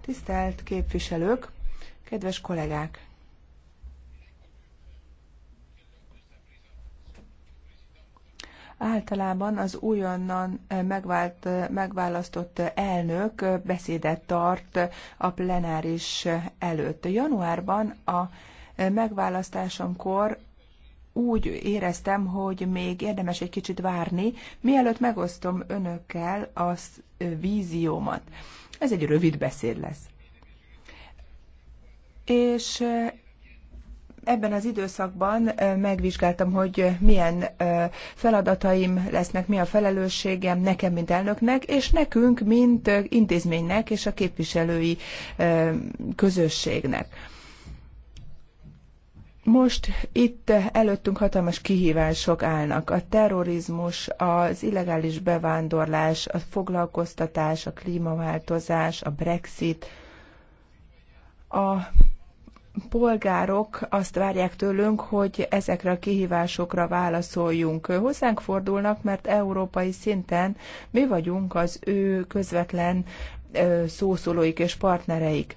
tisztelt képviselők kedves kollégák általában az újonnan megvált, megválasztott elnök beszédet tart a plenáris előtt. Januárban a megválasztásomkor úgy éreztem, hogy még érdemes egy kicsit várni, mielőtt megosztom önökkel az víziómat. Ez egy rövid beszéd lesz. És ebben az időszakban megvizsgáltam, hogy milyen feladataim lesznek, mi a felelősségem nekem, mint elnöknek, és nekünk, mint intézménynek és a képviselői közösségnek. Most itt előttünk hatalmas kihívások állnak. A terrorizmus, az illegális bevándorlás, a foglalkoztatás, a klímaváltozás, a Brexit. A polgárok azt várják tőlünk, hogy ezekre a kihívásokra válaszoljunk. Hozzánk fordulnak, mert európai szinten mi vagyunk az ő közvetlen szószólóik és partnereik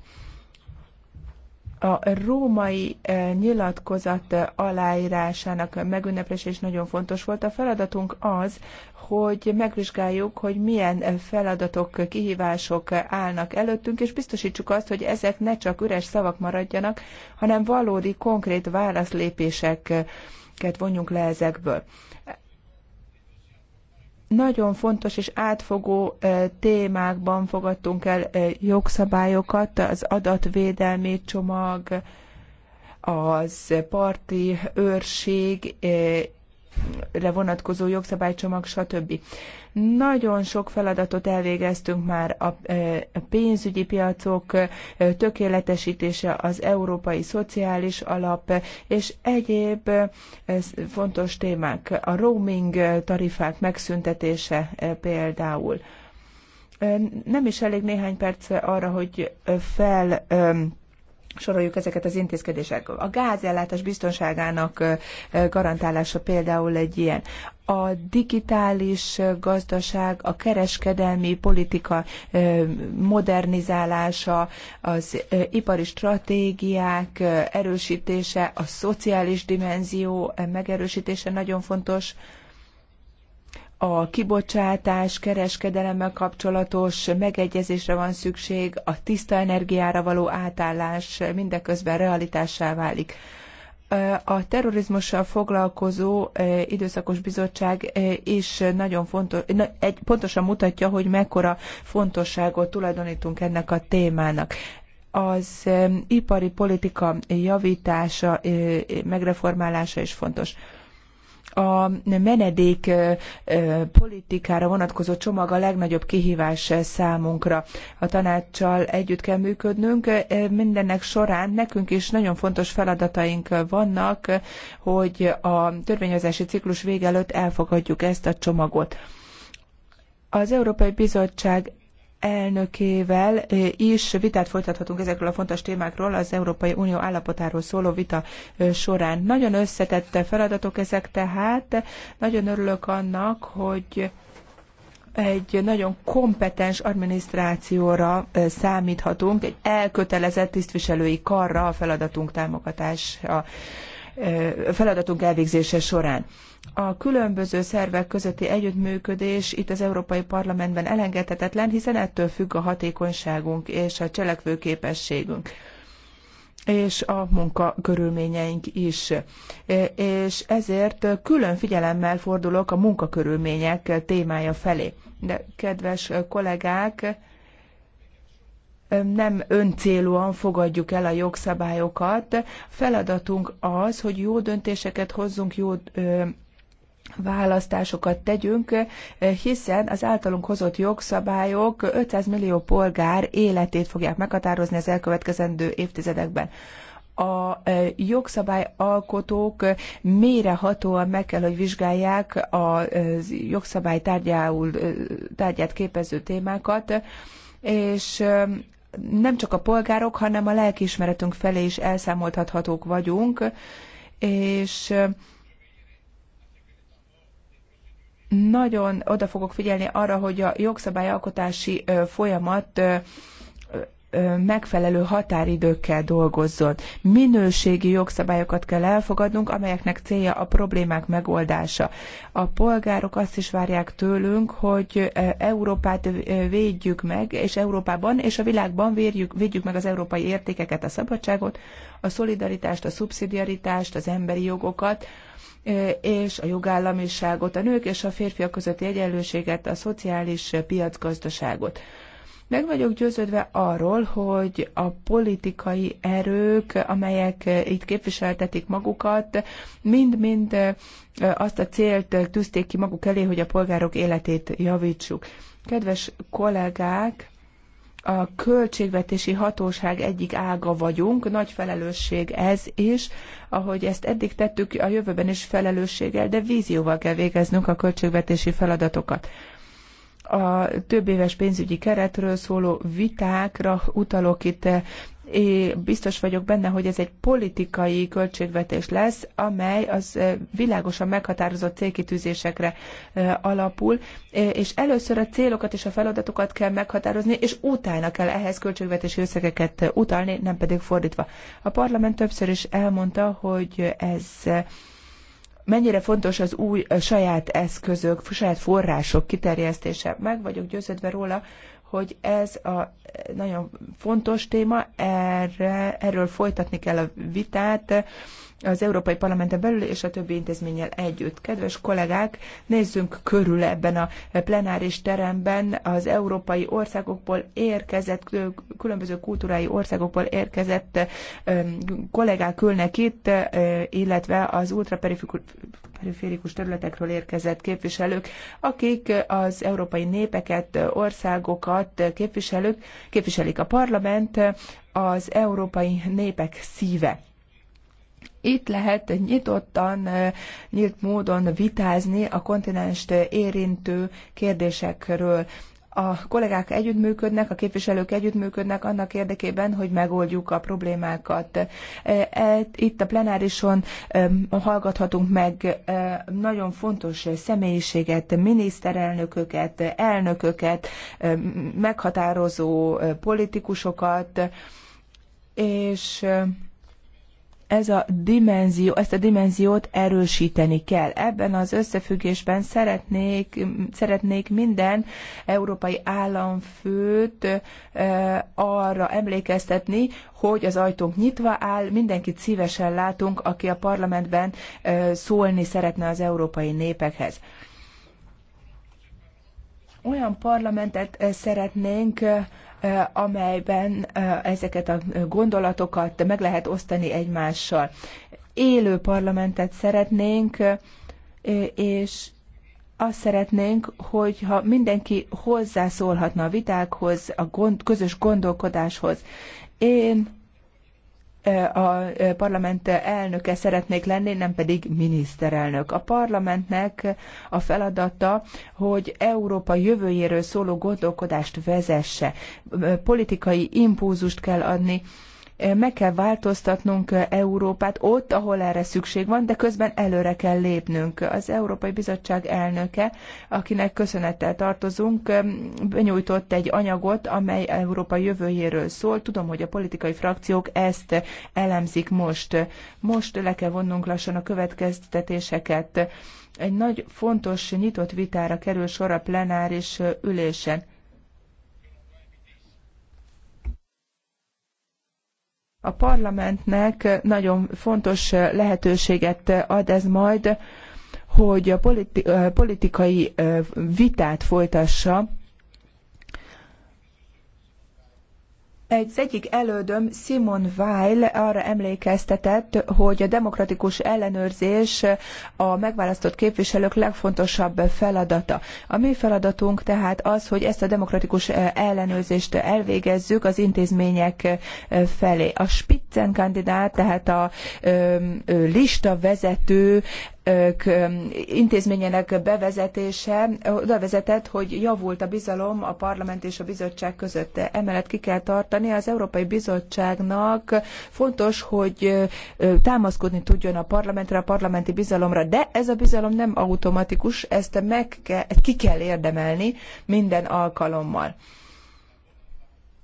a római eh, nyilatkozat aláírásának megünneplése is nagyon fontos volt. A feladatunk az, hogy megvizsgáljuk, hogy milyen feladatok, kihívások állnak előttünk, és biztosítsuk azt, hogy ezek ne csak üres szavak maradjanak, hanem valódi konkrét válaszlépéseket vonjunk le ezekből nagyon fontos és átfogó témákban fogadtunk el jogszabályokat, az adatvédelmi csomag, az parti őrség vonatkozó jogszabálycsomag, stb. Nagyon sok feladatot elvégeztünk már a e, pénzügyi piacok e, tökéletesítése, az európai szociális alap és egyéb e, fontos témák, a roaming tarifák megszüntetése például. Nem is elég néhány perc arra, hogy fel soroljuk ezeket az intézkedések. A gázellátás biztonságának garantálása például egy ilyen. A digitális gazdaság, a kereskedelmi politika modernizálása, az ipari stratégiák erősítése, a szociális dimenzió megerősítése nagyon fontos a kibocsátás, kereskedelemmel kapcsolatos megegyezésre van szükség, a tiszta energiára való átállás mindeközben realitássá válik. A terrorizmussal foglalkozó időszakos bizottság is nagyon fontos, egy, pontosan mutatja, hogy mekkora fontosságot tulajdonítunk ennek a témának az ipari politika javítása, megreformálása is fontos. A menedék politikára vonatkozó csomag a legnagyobb kihívás számunkra. A tanácssal együtt kell működnünk. Mindennek során nekünk is nagyon fontos feladataink vannak, hogy a törvényhozási ciklus vége előtt elfogadjuk ezt a csomagot. Az Európai Bizottság elnökével is vitát folytathatunk ezekről a fontos témákról az Európai Unió állapotáról szóló vita során. Nagyon összetett feladatok ezek tehát. Nagyon örülök annak, hogy egy nagyon kompetens adminisztrációra számíthatunk, egy elkötelezett tisztviselői karra a feladatunk támogatása feladatunk elvégzése során. A különböző szervek közötti együttműködés itt az Európai Parlamentben elengedhetetlen, hiszen ettől függ a hatékonyságunk és a cselekvőképességünk és a munka körülményeink is. És ezért külön figyelemmel fordulok a munkakörülmények témája felé. De kedves kollégák, nem öncélúan fogadjuk el a jogszabályokat. Feladatunk az, hogy jó döntéseket hozzunk, jó választásokat tegyünk, hiszen az általunk hozott jogszabályok 500 millió polgár életét fogják meghatározni az elkövetkezendő évtizedekben a jogszabályalkotók mérehatóan meg kell, hogy vizsgálják a jogszabály tárgyát képező témákat, és nem csak a polgárok, hanem a lelkiismeretünk felé is elszámoltathatók vagyunk, és nagyon oda fogok figyelni arra, hogy a jogszabályalkotási folyamat megfelelő határidőkkel dolgozzon. Minőségi jogszabályokat kell elfogadnunk, amelyeknek célja a problémák megoldása. A polgárok azt is várják tőlünk, hogy Európát védjük meg, és Európában és a világban védjük, védjük meg az európai értékeket, a szabadságot, a szolidaritást, a szubszidiaritást, az emberi jogokat, és a jogállamiságot, a nők és a férfiak közötti egyenlőséget, a szociális piacgazdaságot. Meg vagyok győződve arról, hogy a politikai erők, amelyek itt képviseltetik magukat, mind-mind azt a célt tűzték ki maguk elé, hogy a polgárok életét javítsuk. Kedves kollégák, a költségvetési hatóság egyik ága vagyunk, nagy felelősség ez is, ahogy ezt eddig tettük, a jövőben is felelősséggel, de vízióval kell végeznünk a költségvetési feladatokat a több éves pénzügyi keretről szóló vitákra utalok itt É, biztos vagyok benne, hogy ez egy politikai költségvetés lesz, amely az világosan meghatározott célkitűzésekre alapul, és először a célokat és a feladatokat kell meghatározni, és utána kell ehhez költségvetési összegeket utalni, nem pedig fordítva. A parlament többször is elmondta, hogy ez mennyire fontos az új saját eszközök, saját források kiterjesztése. Meg vagyok győződve róla, hogy ez a e, nagyon fontos téma, erre, erről folytatni kell a vitát, az Európai Parlamenten belül és a többi intézménnyel együtt. Kedves kollégák, nézzünk körül ebben a plenáris teremben az európai országokból érkezett, különböző kultúrái országokból érkezett kollégák ülnek itt, illetve az ultraperiférikus területekről érkezett képviselők, akik az európai népeket, országokat képviselők, képviselik a parlament, az európai népek szíve. Itt lehet nyitottan, nyílt módon vitázni a kontinenst érintő kérdésekről a kollégák együttműködnek, a képviselők együttműködnek annak érdekében, hogy megoldjuk a problémákat. E, itt a plenárison hallgathatunk meg nagyon fontos személyiséget, miniszterelnököket, elnököket, meghatározó politikusokat, és ez a dimenzió, ezt a dimenziót erősíteni kell. Ebben az összefüggésben szeretnék, szeretnék minden európai államfőt arra emlékeztetni, hogy az ajtónk nyitva áll, mindenkit szívesen látunk, aki a parlamentben szólni szeretne az európai népekhez. Olyan parlamentet eh, szeretnénk, eh, amelyben eh, ezeket a gondolatokat meg lehet osztani egymással. Élő parlamentet szeretnénk, és azt szeretnénk, hogyha mindenki hozzászólhatna a vitákhoz, a gond, közös gondolkodáshoz. Én a parlament elnöke szeretnék lenni, nem pedig miniszterelnök. A parlamentnek a feladata, hogy Európa jövőjéről szóló gondolkodást vezesse. Politikai impulzust kell adni meg kell változtatnunk Európát ott, ahol erre szükség van, de közben előre kell lépnünk. Az Európai Bizottság elnöke, akinek köszönettel tartozunk, benyújtott egy anyagot, amely Európa jövőjéről szól. Tudom, hogy a politikai frakciók ezt elemzik most. Most le kell vonnunk lassan a következtetéseket. Egy nagy fontos nyitott vitára kerül sor a plenáris ülésen A parlamentnek nagyon fontos lehetőséget ad ez majd, hogy a politikai vitát folytassa egy egyik elődöm, Simon Weil arra emlékeztetett, hogy a demokratikus ellenőrzés a megválasztott képviselők legfontosabb feladata. A mi feladatunk tehát az, hogy ezt a demokratikus ellenőrzést elvégezzük az intézmények felé. A Spitzenkandidát, tehát a lista vezető intézményének bevezetése oda vezetett, hogy javult a bizalom a parlament és a bizottság között. Emellett ki kell tartani az Európai Bizottságnak fontos, hogy támaszkodni tudjon a parlamentre, a parlamenti bizalomra, de ez a bizalom nem automatikus, ezt meg kell, ki kell érdemelni minden alkalommal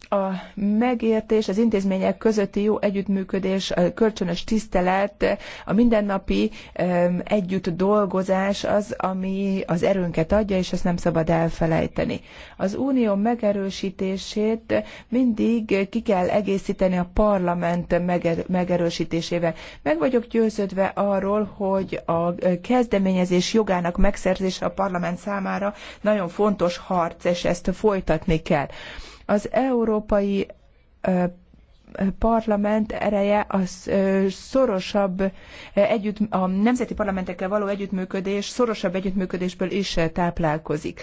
a megértés, az intézmények közötti jó együttműködés, a kölcsönös tisztelet, a mindennapi együtt dolgozás az, ami az erőnket adja, és ezt nem szabad elfelejteni. Az unió megerősítését mindig ki kell egészíteni a parlament megerősítésével. Meg vagyok győződve arról, hogy a kezdeményezés jogának megszerzése a parlament számára nagyon fontos harc, és ezt folytatni kell. Az európai parlament ereje az szorosabb együtt, a nemzeti parlamentekkel való együttműködés, szorosabb együttműködésből is táplálkozik.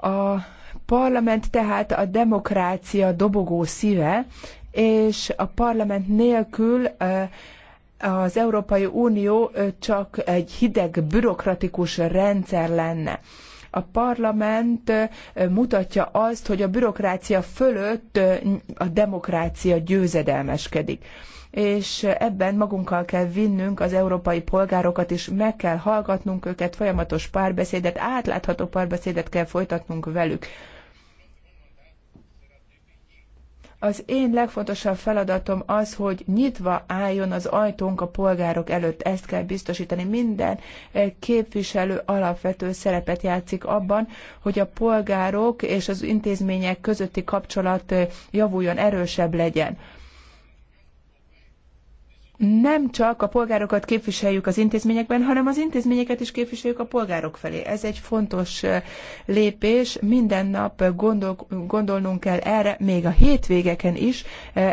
A parlament tehát a demokrácia dobogó szíve, és a parlament nélkül az Európai Unió csak egy hideg, bürokratikus rendszer lenne. A parlament mutatja azt, hogy a bürokrácia fölött a demokrácia győzedelmeskedik és ebben magunkkal kell vinnünk az európai polgárokat, és meg kell hallgatnunk őket, folyamatos párbeszédet, átlátható párbeszédet kell folytatnunk velük az én legfontosabb feladatom az, hogy nyitva álljon az ajtónk a polgárok előtt. Ezt kell biztosítani. Minden eh, képviselő alapvető szerepet játszik abban, hogy a polgárok és az intézmények közötti kapcsolat eh, javuljon, erősebb legyen nem csak a polgárokat képviseljük az intézményekben, hanem az intézményeket is képviseljük a polgárok felé. Ez egy fontos lépés, minden nap gondol, gondolnunk kell erre, még a hétvégeken is,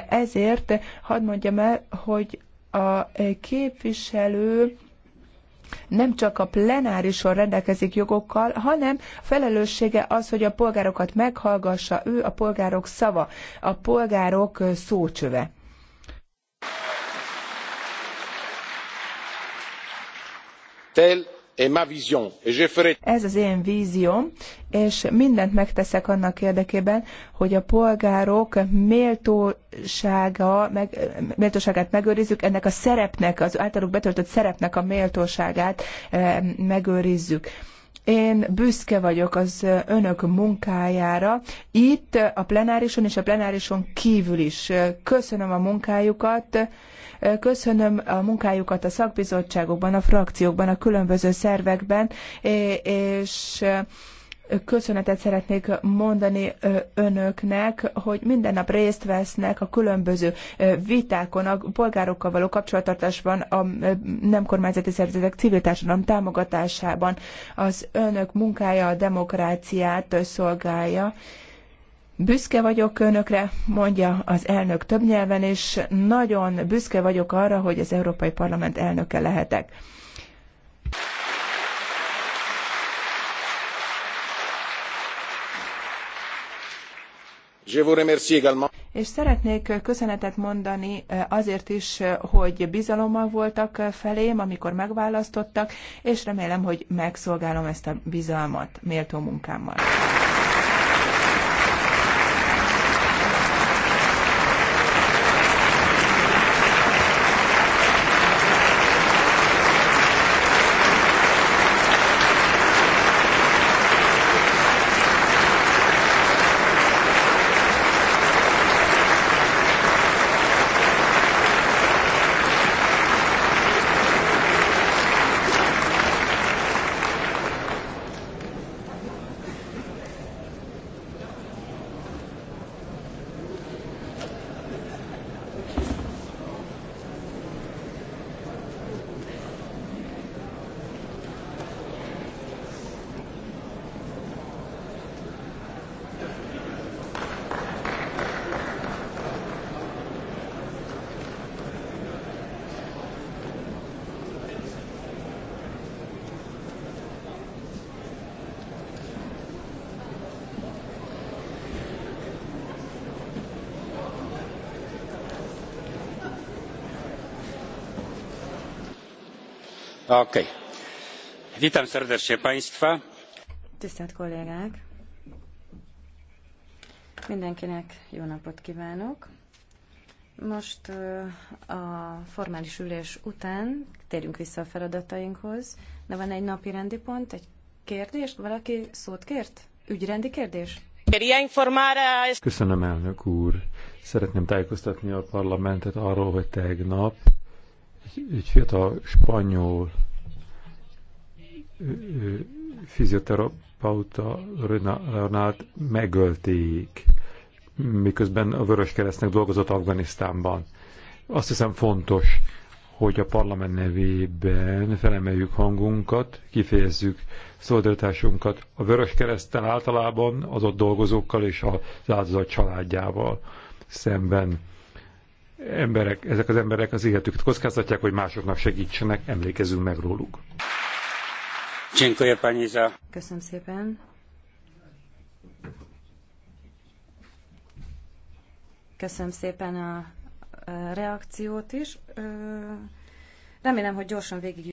ezért hadd mondjam el, hogy a képviselő nem csak a plenárison rendelkezik jogokkal, hanem felelőssége az, hogy a polgárokat meghallgassa, ő a polgárok szava, a polgárok szócsöve. Ez az én vízióm, és mindent megteszek annak érdekében, hogy a polgárok méltósága, meg, méltóságát megőrizzük, ennek a szerepnek, az általuk betöltött szerepnek a méltóságát eh, megőrizzük én büszke vagyok az önök munkájára, itt a plenárison és a plenárison kívül is. Köszönöm a munkájukat, köszönöm a munkájukat a szakbizottságokban, a frakciókban, a különböző szervekben, és köszönetet szeretnék mondani önöknek, hogy minden nap részt vesznek a különböző vitákon, a polgárokkal való kapcsolattartásban, a nem kormányzati szervezetek civil társadalom támogatásában. Az önök munkája a demokráciát szolgálja. Büszke vagyok önökre, mondja az elnök több nyelven, és nagyon büszke vagyok arra, hogy az Európai Parlament elnöke lehetek. És szeretnék köszönetet mondani azért is, hogy bizalommal voltak felém, amikor megválasztottak, és remélem, hogy megszolgálom ezt a bizalmat méltó munkámmal. Witam serdecznie Państwa. Tisztelt kollégák! Mindenkinek jó napot kívánok! Most a formális ülés után térjünk vissza a feladatainkhoz, de van egy napi rendi pont, egy kérdés, valaki szót kért? Ügyrendi kérdés? Köszönöm, elnök úr! Szeretném tájékoztatni a parlamentet arról, hogy tegnap egy fiatal spanyol fizioterapeuta Leonard megölték, miközben a Vörös Keresztnek dolgozott Afganisztánban. Azt hiszem fontos, hogy a parlament nevében felemeljük hangunkat, kifejezzük szolidaritásunkat a Vörös Kereszttel általában, az ott dolgozókkal és az áldozat családjával szemben emberek, ezek az emberek az életüket kockáztatják, hogy másoknak segítsenek, emlékezünk meg róluk. Köszönöm szépen. Köszönöm szépen a reakciót is. Remélem, hogy gyorsan végig